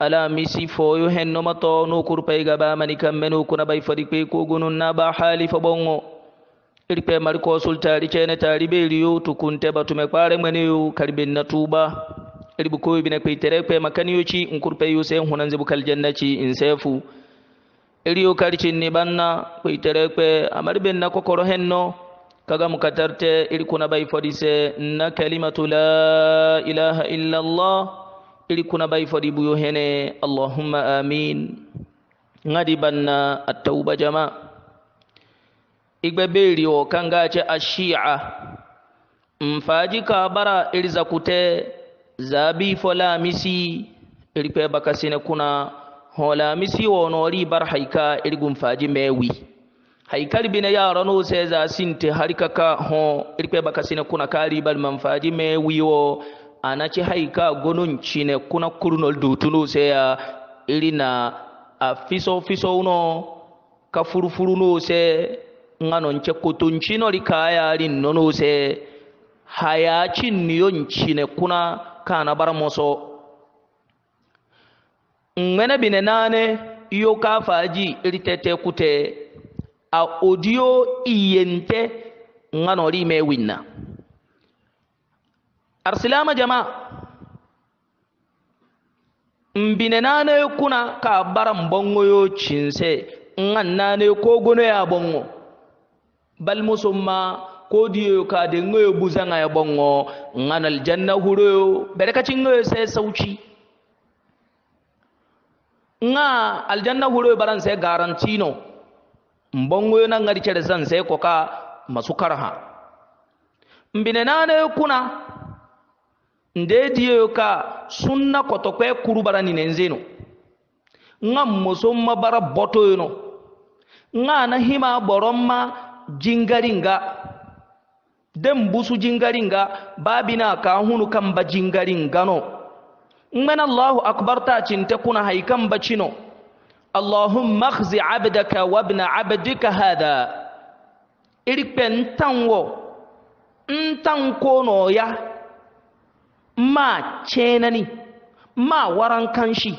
ala misi foyu hennoma to nukur payga bamani kamme nukuna bay fadi pe kugunun naba hali fo bongo irpe mari ko sul tari chene tari be riyo tukunte batume kware mwene yu karibin na tuba iribu kuyu bina kwe itere kwe makani yuchi nkur payu se hunan zibu kaljanna chi insefu iriyo kari chini banna kwe itere kwe amari benna kokoro henno kaga mukatarte irikuna bay fadi se na kalimatu la ilaha illa allah Iri kuna bai fadi buyo hene allahumma amin ngadi banna at-tauba jama igbe beri o kanga ce ashia mfaji ka bara iriza kute zabi fola misi irpe bakasine kuna hola misi wonori bar haika irgun faji mewi haikal bine yara no sai za sinte harkaka ho iri irpe bakasine kuna kari bal manfaji mewi wo anaci haika gonun cine kuna kurnol dutunu seya na afiso fiso uno ka furufuruno se ŋanon ce kutuncinori kayarin nono se hayacinniyon cine kuna kana bara moso ŋmene bine nane iyo kafaji faji iritete kute a odiyo iyente ŋanori me winna arsilama jama'a. mbine nane kuna ka bara mbongo yo cinse nga nane ko gono ya bongo bal musumma ko diyo ka de ngoyo buzanga ya bongo nga nal janna huro bereka cingoyo sai sauci nga aljanna huro baran se garantino mbongo yo nan ngari cere san sai koka masu karha mbine nane kuna nde ka sunna kotokwe kurubara ni nenzeno nga musomma bara boto yono nga na hima boromma jingaringa den busu jingaringa babina ka hunu kamba jingaringa no ngmen allahu akbar ta chinte kuna haikan bacino allahumma akhzi abdaka wabna abdika hada irikpe ntanwo ntankono ya ما تشينني ما وران كانشي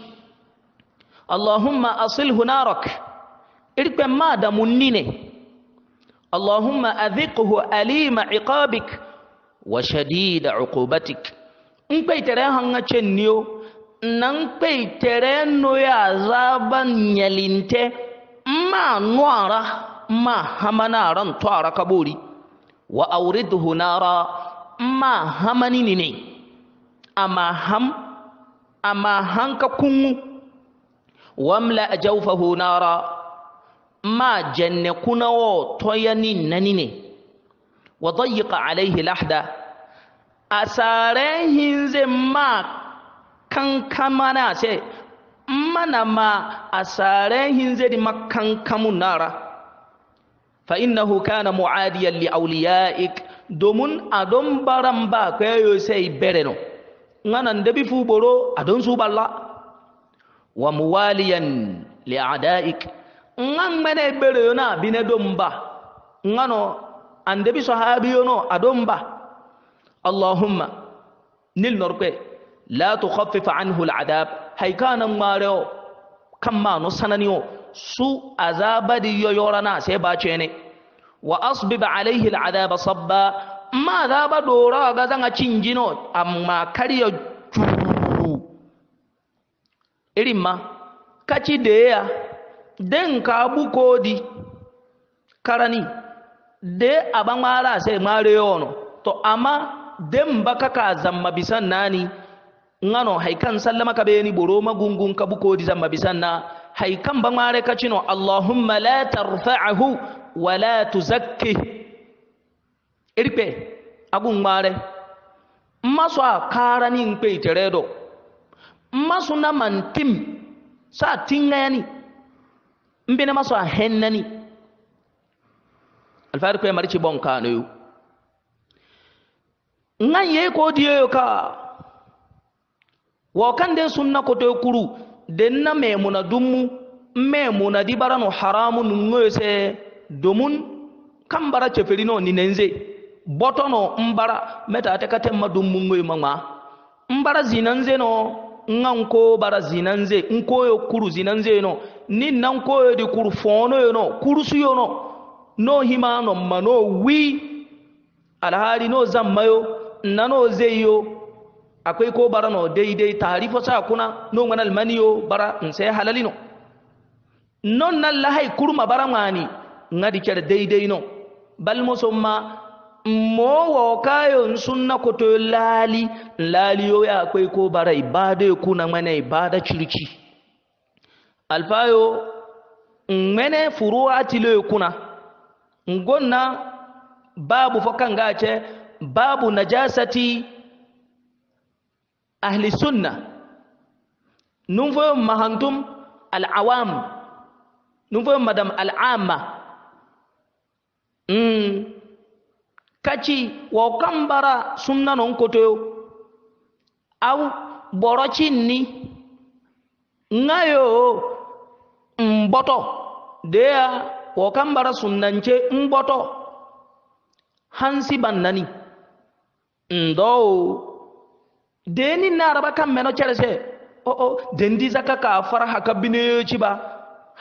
اللهم أصله نارك إرك ما دمنيني اللهم أذقه أليم عقابك وشديد عقوبتك نبي ترى هنغا تشينيو نبي ترى نويا زابا نيلينتي ما نوارا ما همنارا توارا كبوري وأورده نارا ما همنيني amma ham amma hanka wamla nara ma janne kunawo toyani nanine wa dayiqa alayhi lahda asare hinze ma kankamana se mana ma asare hinze di makankamu nara fa innahu kana muadiyan li awliyaik domin adon ba kwayo bereno ngana ndebi fu boro adon su balla wa muwaliyan li a'daik ngan mene bere yona na bine domba ngano ande bi sahabi yo no adomba allahumma nil norpe la tukhaffif anhu al'adab hay kana mareo kamma no sananiyo su azabadi yoyorana se ba chene wa asbib alaihi al'adaba sabba ma za ba dora ga zanga cingino amma karya juru irin ma kaci da ya den ka bu kodi karani de aban mara sai mare yono to amma den ba ka zamma bisan nani ngano haikan sallama ka bayani boro magungun ka bu kodi zamma bisan na haikan ba mare kacino allahumma la tarfa'ahu wa la tuzakkih irpe agungmare mmasụ a karanin pe iteredo masu na mantim sa tingayani mbene masu a hennani alfahari kwe marici bon kano yu ngan ye ko diyo ka wakan de sunna ko to kuru den na memuna dummu memuna dibarano haramu nungoyo se domun kambara ceferino ni nenze botono mbara meta atekate madum mungoy mama mbara zinanze no ngan ko bara zinanze nkoyo kuru zinanze no nin nan koyo di kuru fono yo no kuru suyo no no hima no mano wi alhali no zammayo yi zeyo a ko bara no daidai tarifo sa kuna no ngana yo bara nse halalino non nan lahai kurma bara ngani ngadi ker daidai no balimuso ma. mowo kayon sunna koto lali lali yo ya akwai ko bara ibada ya kuna mana ibada cirki alfayo mene furuwa tilo ya kuna ngonna babu fakan gace babu najasati ahli sunna nun foyo mahantum al'awam nun madam al'amma mm. kachi wa kambara sunna non kotoyo au borochi ni ngayo mboto dea wa kambara sunnanche mboto hansi bannani ndo deni naraba kan meno chelese o oh, o oh. dendi zaka ka faraha ka bineyo chiba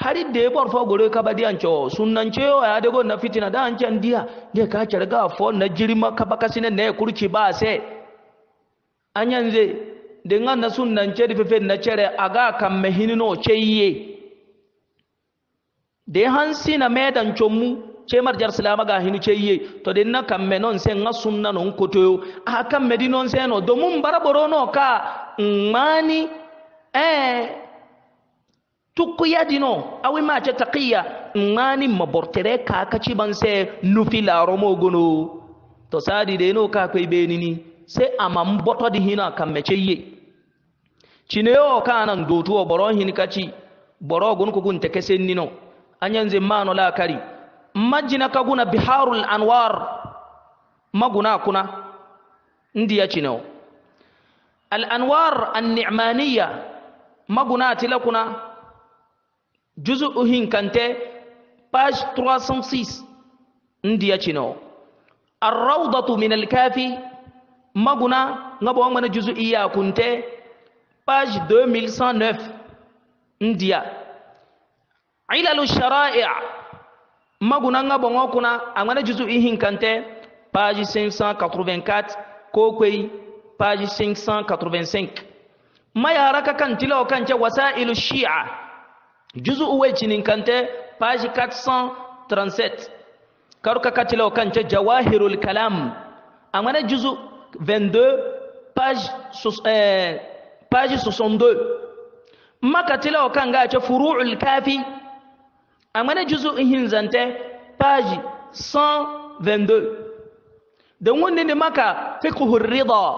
hari da y'a fo gore ka badi ancho sunnan cheo ya de go na fitina da an can diya, de ka kirga fo na jirma ka baka sine ne kurci ba se anyan ze de ngan na sunnan ce de fefe na chere aga kam mehini no cheye de hansi na medan chomu cemar jar silama ga hinu ce yiye to din na kamme non sen nga sunna non koto a kamme di non seno domun baraboro no ka ngmani eh tukkuya dino awi ma ce taqiya ngani mabortere ka kaci ban se nufi laro mo gono to sadi de no ka kwe benini se amam mboto di hina kam mece ye ka nan dotu o boro hin kaci boro gon ko gun te kesen nino anyanze mano la kari majina kaguna biharul anwar maguna kuna ndiya cineyo al anwar an ni'maniya maguna tilakuna juzu uhin kante page 306 ndiya cino arrawdatu min alkafi maguna ngabo ngana juzu iya kunte page 2109 ndiya ilalu shara'i' maguna ngabo ngokuna angana juzu ihin kante page 584 ko kwei page 585 mayaraka kan tilaw kance wasailu shi'a juzu uwe chininkante page 437 karuka katilo kanche jawahirul kalam amana juzu 22 page eh, page 62 makatilo kanga che furu'ul kafi amana juzu hinzante page 122 da wanda ne maka fiqhur rida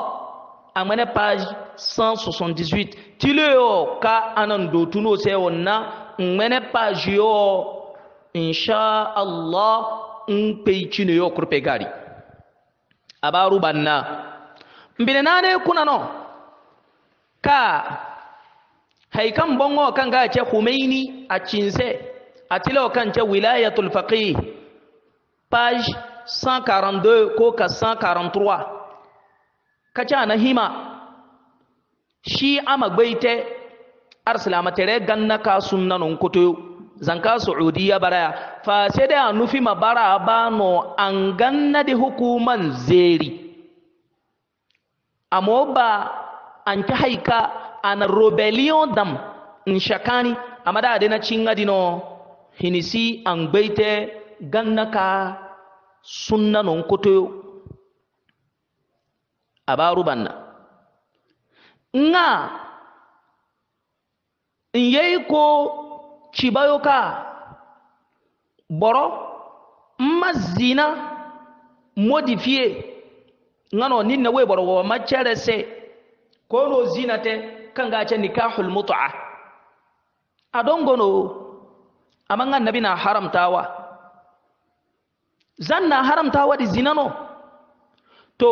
amana page 178 tileyo ka anan dotuno sai wannan ŋmɛnɛ page yo insha allah n pei cine yo kurpe gari abaru banna mbine nane kuna no ka haikan bongo kan ga ce humaini a cinse a tilau kan ce wilayatul faqih page 142 ko ka 143 ka ci na hima shi ama gbaite arsilama tere ganna ka sunna non koto zanka saudiya baraya fa sai da nufi ma bara ba no an ganna da hukuman zeri amma ba an ki haika an rebellion dam in shakani amma da na cinga dino hinisi an baita ganna ka sunna non a abaru banna nga nye ko cibayoka boro ma zina modifie ngano na we boro wa ma se ko no zina te ga ce nikahul mut'a adon gono amanga nabi na haramtawa zanna na haramtawa di zina no to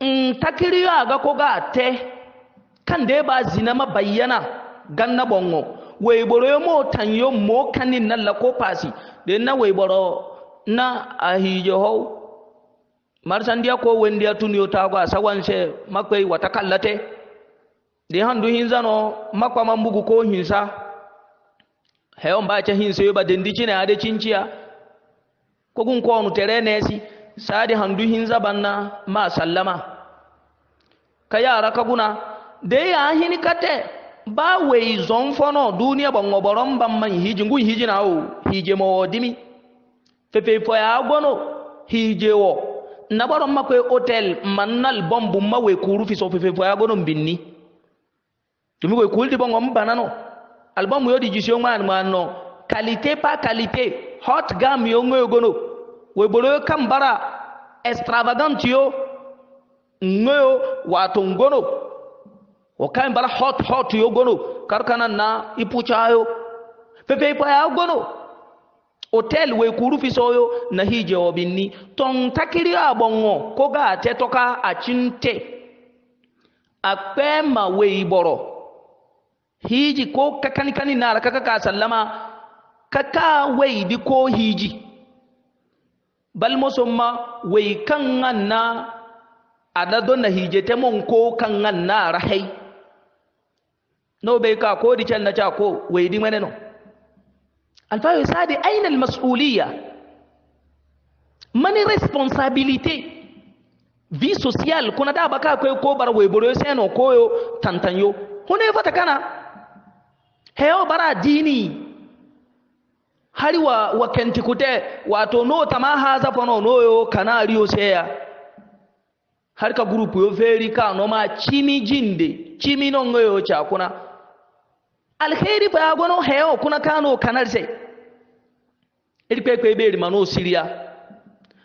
in takiriyo ga ko ga te kan da ba zina ma bayyana ganna bongo weiboro yo mo tan yo mo kanin na la ko pasi de na weiboro na ahijo ho dia ko wen wendiya ta go a sawanse makwai wata kallate de handu zano makwa mambugu ko hinsa heyon ba ta hinsa yo ba dendi cine ade cinciya ko gun ko onu tere nesi sadi handu hinza banna ma sallama ka yara ka guna de ya hini kate ba wei zon fono duniya ban oboron ban man hiji ngun hiji na o hije mo dimi fefe fo ya gono hije wo na baron makwe hotel mannal bombu mawe kuru fi so fefe fo ya gono binni tumi ko kuldi bon on banano album yo di jisio man man no qualité pa qualité hot gam yo ngoy gono we bolo kambara extravagant yo ngoyo wato gono. wo bala hot hot yo gono karkanan na ipucayo pepe ya gono hotel we kurufi soyo na hije obinni ton takiri abongo ko ga te toka achinte akpema we iboro hiji ko kakani kani na kaka sallama kaka wai di ko hiji balmosomma wai kan na adado na hije temon ko kan na rahai no be ka ko di na cha ko we di mene no alfayo sadi aina almasuliya mani responsabilité vie sociale kuna da baka ko ko bar we boro no ko yo koyo tantanyo hune fata kana heyo bara dini hari wa wa kentikute wato no tama haza no yo kana riyo ya har ka group yo veri ka no ma chimi jinde chimi no ngoyo cha kuna alheri bayagono heyo kuna kano kanarse irikpekpe iberi mano siriya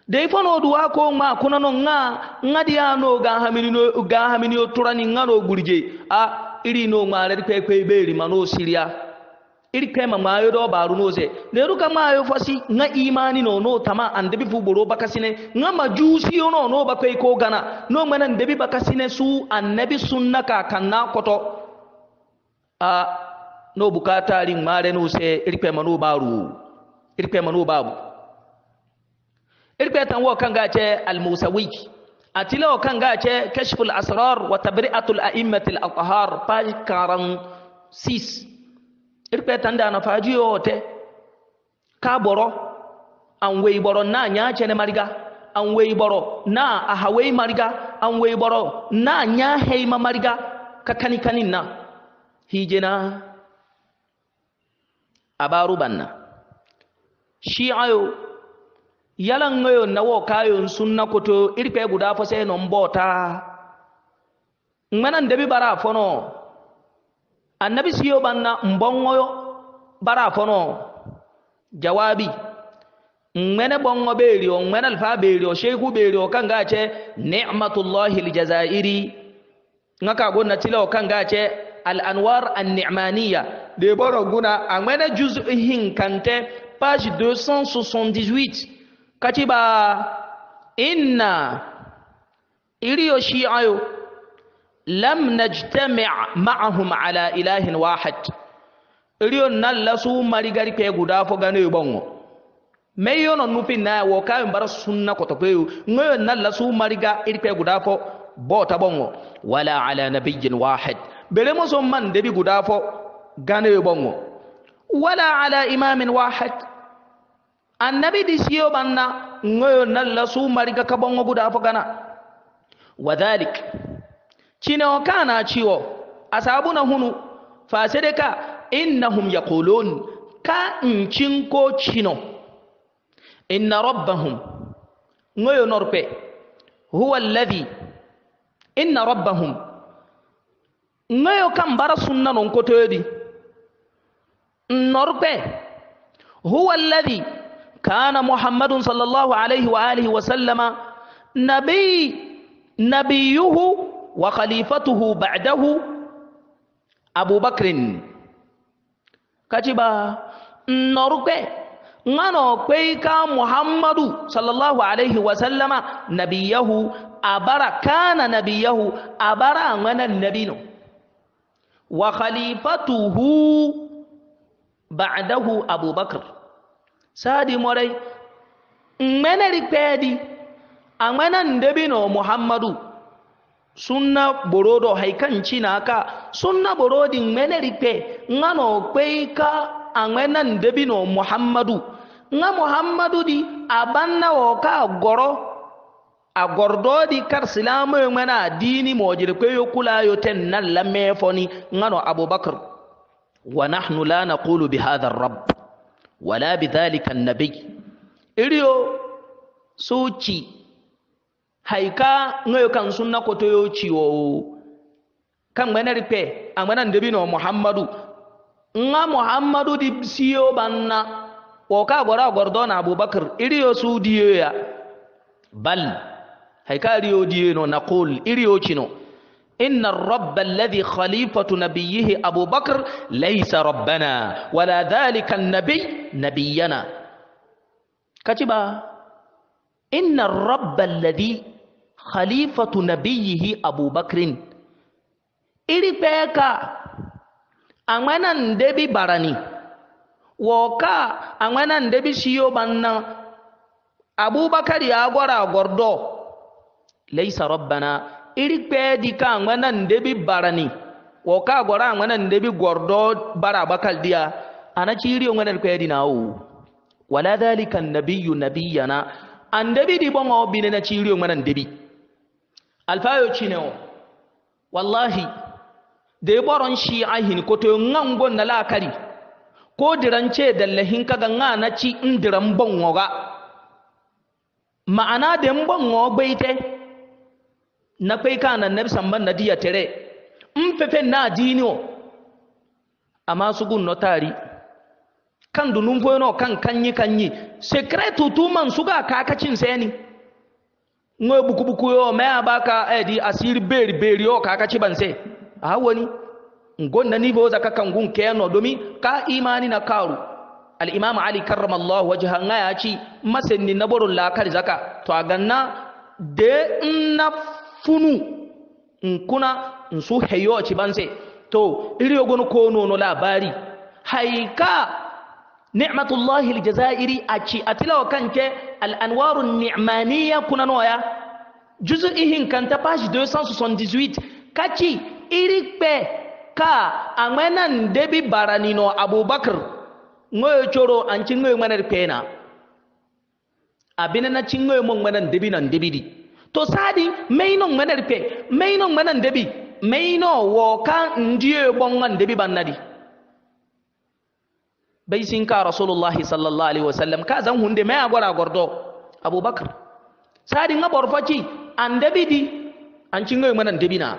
dai fa no duwa ko ma kuna no nga nga dia no ga hamini no ga hamini o turani nga no gurje a iri no ma re pe pe beri ma no siria iri pe ma mayo do baru no se ne ruka mayo fasi nga imani no no tama ande bi fuburo bakasine nga majusi no no bakai ko gana no mana ande bi bakasine su annabi sunna ka kanna koto a no bukata bukatari mare no se irpe manu baru irpe manu babu irpe tan wo kan gace al musawi atila wo kan gace kashful asrar wa tabri'atul a'immatil athhar pa karan sis irpe tan da na fajiyo te ka boro an wei boro na nya chene mariga an wei boro na a ahawei mariga an wei boro na nya heima mariga kakani kanin na hijena abaru banna Shi ayo yalan ngayo na wo kayon sunna koto irpe guda fo sai non bota ngmanan debi bara fono annabi siyo banna mbongoyo bara fono jawabi ngmene bongo beri o ngmene alfa beri o sheikhu beri o kanga ce ni'matullahi aljazairi ngaka gonna tilo kanga ce Al'anwar anwar an-ni'maniya de boro guna amene juz kante page 278 ba, inna iliyo shi'ayo lam najtami' ma'ahum ala ilahin wahad. Iriyo nan lasu marigari ke guda fo gane bongo meyo no nupin na wo ka bar sunna ko to pe ngoyo nalla su mariga irpe guda fo bota bongo wala ala nabiyyin wahad. bere mo son man debi guda fo gane be bongo wala ala imam wahid annabi di siyo banna ngoyo nalla su mariga ka bongo guda fo gana wadhalik chine okana chiwo asabuna hunu fasedeka innahum yaqulun ka nchinko chino inna rabbahum ngoyo norpe huwa alladhi inna rabbahum ngeyo kam bara sunna non kotoyodi norɓe huwa alladi kana muhammadun sallllahu alayhi wa alihi wa sallama nabiy nabiyuhu wa khalifatuhu badahu abubakrin kaciba norɓe ngano kwei ka muhammadu sallllahu alayhi wa sallama nabiyahu abara kana nabiyahu abara ngana nabino wa khalifatuhu ba'dahu abubakar sadi morai mene rikpedi amana ndebino muhammadu sunna borodo haikan china ka sunna borodi mene rikpe ngano kweika amana muhammadu nga muhammadu di abanna woka goro a gordodi kar silamu mana dini mojir kwe yo kula yo ten nan la mefoni ngano abubakar wa nahnu la naqulu bi hadha ar-rabb wala bi dhalika an-nabi iriyo suci haika ngayo kan sunna to yo ciwo kan mena ripe amana ndebi no muhammadu nga muhammadu di siyo banna o ka gora gordo na abubakar iriyo su diyo ya bal haikari yo diyeno naqul iri إن الرب الذي خليفة نبيه أبو بكر ليس ربنا ولا ذلك النبي نبينا كتبا إن الرب الذي خليفة نبيه أبو بكر إلي بيكا أمانا ندبي براني وكا أمانا ندبي شيو بنا أبو بكر يا غورا غوردو laisa rabbana iri kpeedi ka ŋmana ndebi barani wo ka gora ŋmana ndebi gordo bara bakal dia ana iri ngana ŋmanal kpeedi nawo wala dhalika nabiyyu nabiyana andebi di boŋo na ciiri yo ŋmana ndebi alfayo chineo wallahi de boron shi'a hin koto ŋan gonna laakari ko dirance dallahin hinkaga ŋa ngana ci ndiran boŋo ga ma'ana de boŋo gbeite na kai ka na nabi samban na diya tere fefe na amma su gun no tari kan dunun foyo no kan kanyi kanyi secretu ka kacin kakacin ni ngo buku buku yo me abaka edi eh, asiri beri beri yo kakaci sai? a wani ngon na ni bo zaka kan gun no domi ka imani na karu al imam ali karramallahu wajha ngaya ci masenni na borun lakar zaka to aganna de na funu nkuna nsu heyo banse, to iri ogun ko nono labari haika ni'matullahi aljazairi aci atilawa kanke al'anwaru ni'maniya kuna noya juzu ihin kanta page 278 kaci iri pe ka amwenan debi baranino abubakar ngoyo coro anci ngoyo ngwanar pena abinana ci ngoyo mo ngwanan debi nan debidi to sadi mainon manar pe maino manan debi maino wo kan ndiye bongan debi bannadi bai sin ka rasulullahi sallallahu alaihi wasallam ka zan hunde mai agora gordo abubakar sadi nga borfaci an debi di an cingoy manan debi na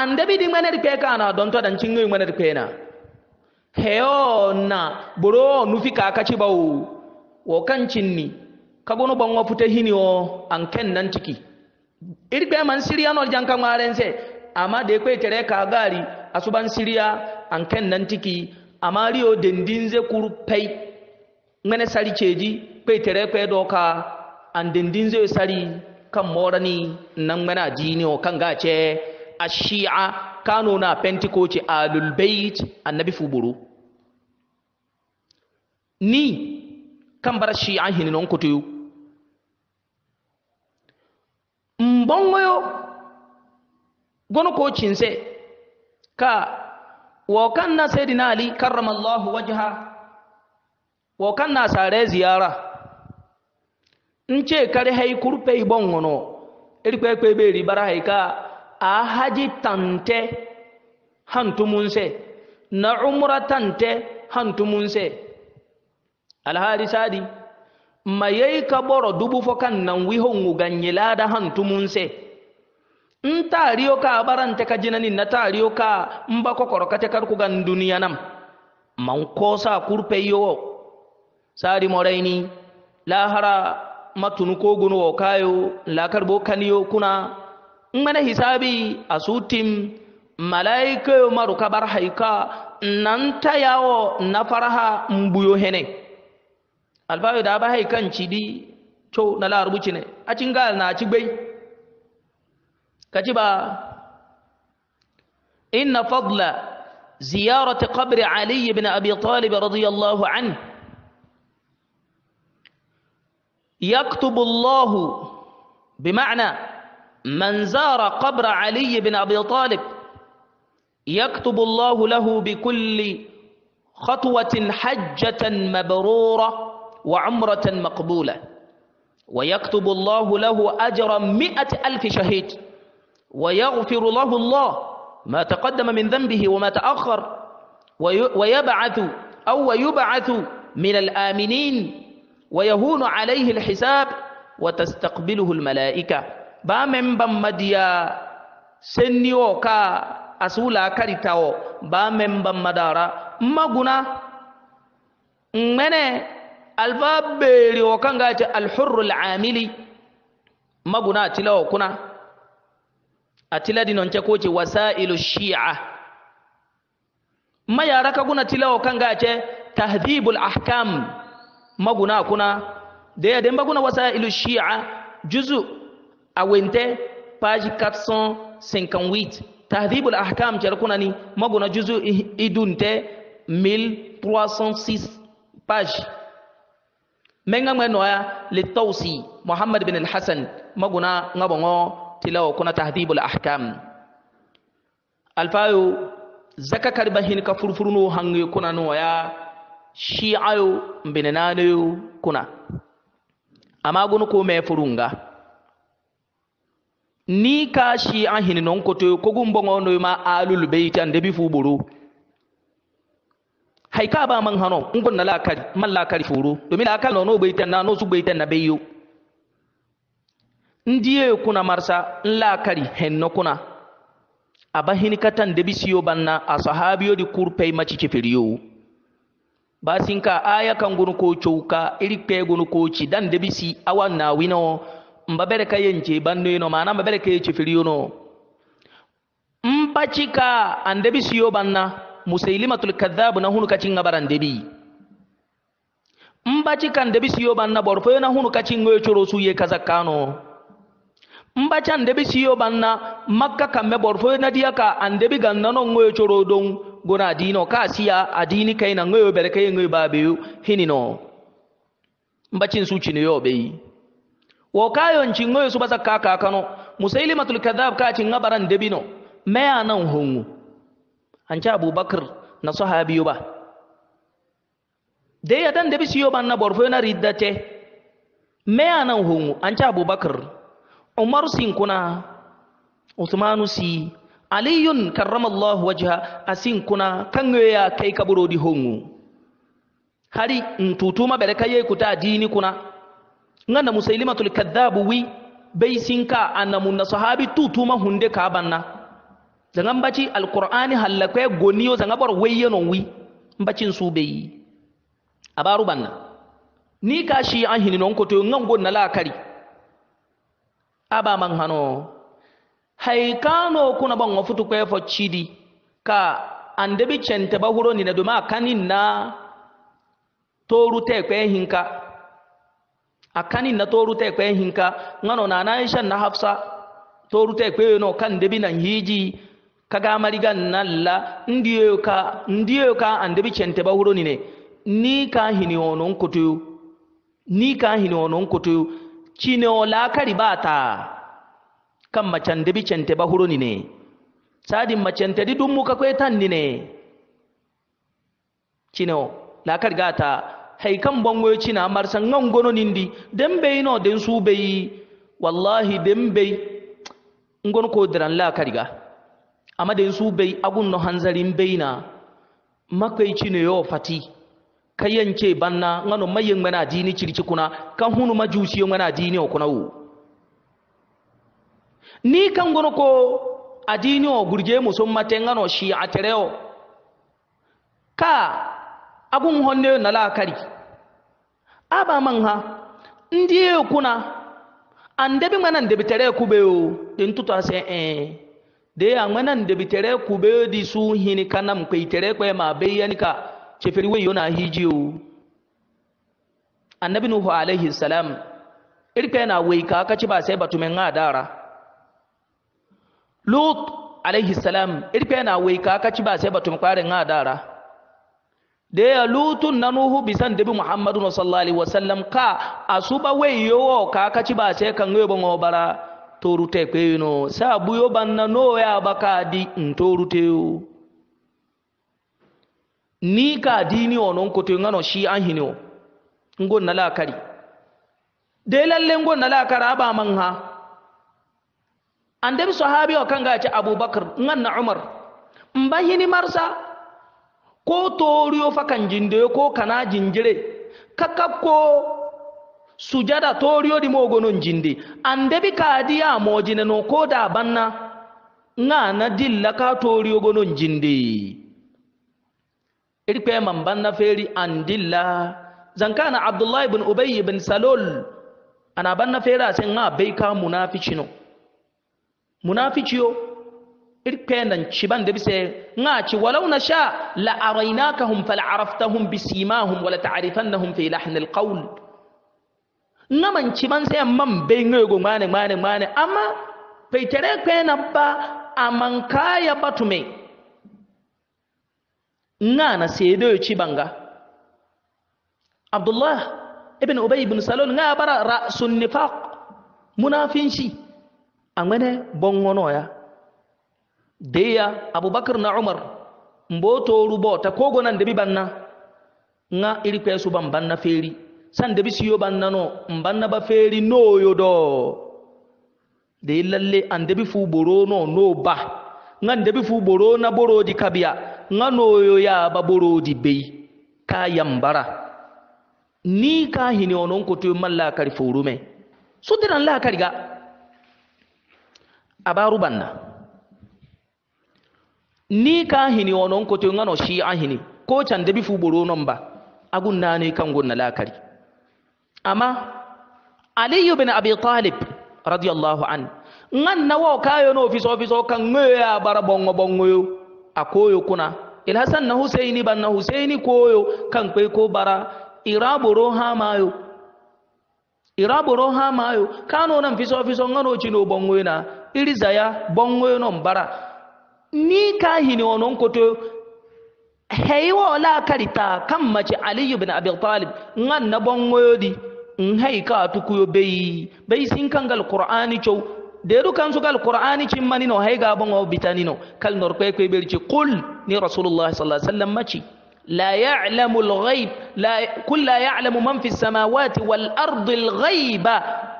an debi di manar pe kana don to dan cingoy manar pe na heyo na boro nufi kakaci bawo wo kan cinni kabono bango pute hini o anken nan tiki irbe man siriya no janka ngaren se amma de kwe tere ka gari asuban siriya anken nan tiki amma rio dendinze kuru pei ngene sari ceji kwe tere kwe do ka an dendinze sari kan morani nan mana jini o kan gace ashia kano na pentikoce alul bait annabi fuburu ni kan bar shi'a hinin on yo gono ko chinse ka wa kanna seydina ali karramallahu wajha wa kanna sare ziyara nche kare hay bongo bongono eri pe kpe ɓeeri bara hay ka a haji tante hantumunse na umra tante hantumunse alhaali sadi mayai ka boro dubu fo kan nan wiho nguganyila da Nta ariyo ka barante ka jinani na tariyo ka mba kokoro kate kar gan duniya nam man kosa kurpe yo sari moraini lahara matunu ko gunu wo kayo lakar bo kaniyo kuna hisabi asutim malaika yo maru kabar haika nan yawo na faraha mbuyo hene alfayo da ba hai kan cidi co na larubuci ne a cingal na ci bai ka ci ba inna fadla ziyarati qabri ali ibn abi talib radiyallahu an yaktubu allah bima'na man zara qabra ali ibn abi talib يكتب الله له بكل خطوة حجة مبرورة وعمرة مقبولة ويكتب الله له أجر مئة ألف شهيد ويغفر له الله ما تقدم من ذنبه وما تأخر ويبعث أو يبعث من الآمنين ويهون عليه الحساب وتستقبله الملائكة بامن بمديا سنيو كا أسولا كريتاو بامن بمدارا مغنا مَنَّ alfa beeri wo kanga ate alhurru lamili maguna atila wo kuna atila di nonce koce wasailu shia ma yara guna tila wo kanga ate tahdhibu lahkam maguna kuna deya den baguna wasailu shia juzu awente page 458 tahdhibu lahkam cer kuna ni maguna juzu idunte 1306 page ga ngwe noya li tawsi muhammad bin al-hasan maguna ngabongo tilawo kuna tahdibul ahkam alfayu zaka karba hin ka furfurno hangi kuna noya shi'ayo mbinanayo kuna amma gunu ko me furunga ni ka shi'a hin non ko to ko gumbongo no ma alul bait debi fuburu hay ka ba man hano ngon na lakari man lakari furo domin lakari no bai tan na no su bai tan na bayo ndiye kuna marsa lakari henno kuna aba hinikatan da bisiyo banna a sahabiyo di kurpei ba sin basinka aya kan gunu ko chouka iri pe gunu ko ci dan da bisi awan na wino mbabere ka yence banno yino mana mbabere ka yece firiyo no mbacika an da bisiyo banna musailimatul kadhab na hunu kacin ngabaran debi mbaci kan debi siyo ban na borfo na hunu kacin ngoy choro su ye kazakano mbaci an debi siyo ban na makka kamme borfo na diya ka an debi gannano ngoy choro don gona dino ka siya adini kai na ngoy berke ngoy babe hinino mbacin su cini yo be wo kayon cin ngoy su basa ka kano musailimatul kadhab ka cin ngabaran debi no me anan hongu an ci abubakar na biyu ba dai ya dan da bisi yoban na borfo na riddate me nan hungu an ci abubakar umar sin kuna usmanu si aliyun karramallahu wajha asin kuna ya kai kaburo di hungu hari ntutuma bere kaye kuta dini kuna nganda musailimatul kadhabu wi bai sinka annamun na sahabi tutuma hunde ka banna zanga mbaci alqur'ani halakwe goniyo zanga bor weyeno wi mbacin subeyi abaru banna ni ka shi an hini non koto ngan go na lakari aba man hano haikano kuna ban wa futu kwe fo chidi ka andebi chente ba huro ni na duma kanin na toru te kwe hinka akani na toru te kwe hinka ngano na na na Hafsa toru te kwe no kan debi na hiji kaga mariga nalla ndiyo ka ndiyo ka andebi kente ba huro nine ni ka hini ono nkutu ni ka hini ono nkutu chine ola karibata bata kan macen kente ba huro nine sadin macen di dum muka kwe tan nine chine o la kari gata hay kan bongo china marsa ngongono nindi dembe ino den su wallahi dembe ngon ko diran la kariga. amaden su bai agun no hanzarin baina makai cine yo fati kayance banna ngano mayen mana dini circi kuna kan hunu majusi mana dini okuna wu ni kan gono ko adini o gurje musumma tengano shi atereo ka agun honne na lakari aba manha ndi kuna andebi mana ndebi tere kubeo den se eh de angwenan de bitere be di su hini kanam ku itere ku ma bayani ka cheferi we yona hijiyo annabi nuhu alaihi salam irka yana wai ka kaci ba sai batumin adara lut alaihi salam irka yana wai ka kaci ba sai kware kwarin adara da ya lutun na nuhu bisan debi muhammadu sallallahu alaihi wasallam ka asuba wai yowo ka kaci ba sai kan yobo ngobara bara torute yino sa buyo banna n'o noya bakadi ntoruteyo ni ka dini o non koto ngano shi an hini o ngon na lakari dai lalle ngo na lakara ba man ha sahabi o kanga ci abubakar ngan na umar mba hini marsa ko toriyo fakan jinde ko kana jinjire kakakko sujada mogo mogono njindi andebi kadi ya mojine no koda banna ngana dilla ka toriyogono njindi edi pe man banna feri andilla zankana abdullah ibn ubay ibn salul ana banna feri a sen nga bai ka munafici no edi pe nan ciban bise nga ci walau na sha la arainakahum fal araftahum bisimahum wala ta'rifannahum fi lahnil qawl na manci man sai man bai ngogo mane mane mane amma bai tare kai na ba aman kaya batume nga na sai do ci banga abdullah ibn ubay ibn salon nga bara ra'sun nifaq munafinci angane bongono ya deya abubakar na umar mbo rubota bota kogo nan debi banna nga iri kwesu ban banna feri sanda bisiyo bannano mbanna ba feri yo do da yi lalle an dabi fu boro no no ba ngan bi fu boro na di kabiya nga noyo ya ba boro di bei ka yambara ni ka hini onon ko to malla kar de sudiran la ga abaru banna ni ka hini onon ko to ngano shi'a hini ko can bi fu boro non ba agun nane kan gun na lakari amma aliyu bin abi talib radiyallahu an ngan nawo kayo no fiso fiso kan ngoya bara bongo bongo yo akoyo kuna hasan na husaini ban na husaini koyo kan kwe ko bara iraboro ha mayo iraboro ha mayo kano nan fiso fiso ngano chino bongo na iriza ya bongo no bara ni ka hini onon koto heiwo la karita kan mace aliyu bin abi talib ngan na bongo yo di nhai ka tukuyo bei bei sin kangal qur'ani chow deru kansu gal qur'ani cimmani no hay ga bon bitani no kal nor kwe kwe berci qul ni rasulullah sallallahu alaihi wasallam maci لا يعلم الغيب لا كل لا يعلم من في السماوات والأرض الغيب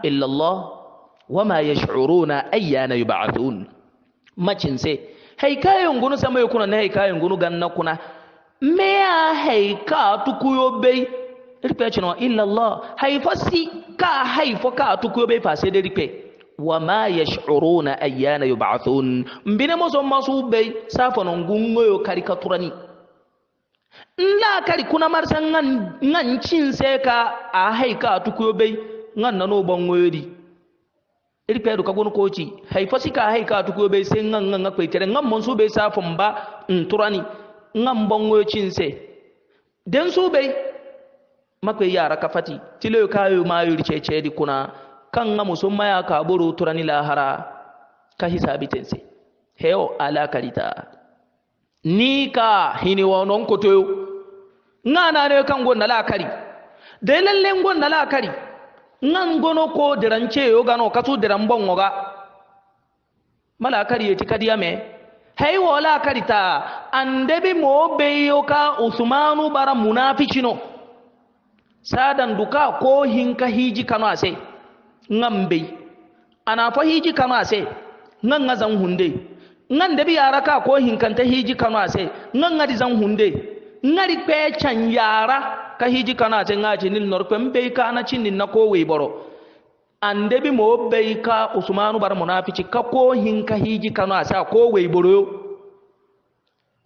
إلا الله وما يشعرون أيان يبعثون ما تنسي هاي كايون غنو سما يكون هاي كايون غنو غنكونا ميا هاي كا تكويو بي rikpe ci no illa allah haifa si ka haifa ka tukuyo be fa sai da rikpe wa ma yash'uruna ayyana yub'athun mbine mozo masu be safa no ngungo yo karikaturani nla kari kuna marsan ngan nan cin sai ka a haika tukuyo be ngan nano bangoyori iri pedu ka gon koci hay si ka haika ka be sen ngan nan akwai tare, nan mon su be sa mba nturani ngam cin sai. den su be makwe yara kafati tilo kayo mayo rice di kuna kan ga musun maya ka buru turani lahara ka hisabi tense heo ala karita ni ka hini wonon koto nga na ne kan gonna la kari de lalle gonna la kari ngan gono ko dirance yo gano kasu diran bongo ga mala kari yeti kadiya me hey wala karita andebi mo beyo ka usmanu bara munafici sadan duka ko hinka hiji kano ase ngan bai ana fa hiji kano ase ngan nga zan hunde ngan da bi yara ka ko ta hiji kano ase ngan nga zan hunde ngari pe can yara ka hiji kano ase nga jinil nor pe mbe ka na cinin na ko we boro an da bi mo bai ka usmanu bar munafici ka ko hinka hiji kano ase ko we boro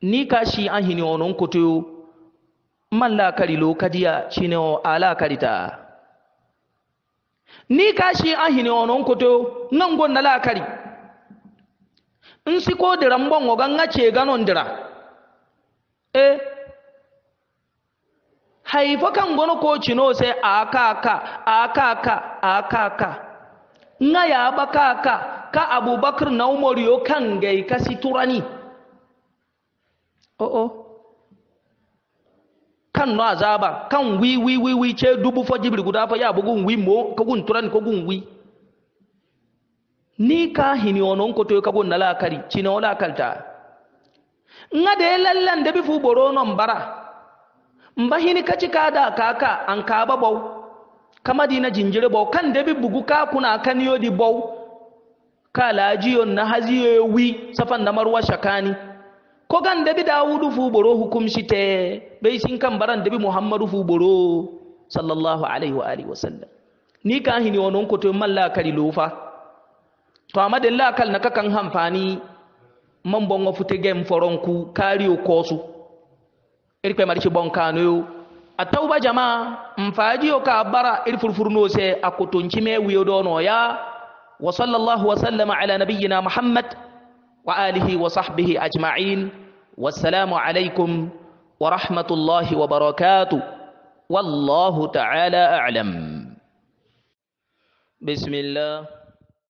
ni ka shi an hini onon kotoyo Man malla kari ne chineo ala karita ni kashi ahini onon koto nan gon la kari in si ko dira mbon oga nga ce ganon dira e Haifa kan gono ko cino sai aka aka aka aka aka aka nga ya ba ka ka abubakar na umar yo kan gai ka turani. o oh, oh. kan no azaba kan wi wi wi wi che dubu fo jibri guda fa ya bugun wi mo ko gun turan ko gun wi ni ka hini onon ko to ka gun nala kari cina wala kalta nga de lallan da bi fu boro non bara mba hini kaci ka da kaka an ka ba bo kama dina jinjire bo kan da bi bugu ka kuna kan yodi bo ka lajiyon na haziyo wi safan na marwa shakani ko gan dabi dawudu fu boro hukum shite bai shin kan baran dabi muhammadu fu boro sallallahu alaihi wa alihi wasallam ni kan hini wonon ko to malla kali lufa to amma la kal naka kan hamfani man bongo te gem foronku o kosu irpe marshi bonkano A atauba jamaa o ka bara iri furfurno se akotonci me wiyo no ya wa sallallahu wa sallama ala nabiyyina muhammad wa alihi wa sahbihi ajma'in والسلام عليكم ورحمة الله وبركاته والله تعالى أعلم بسم الله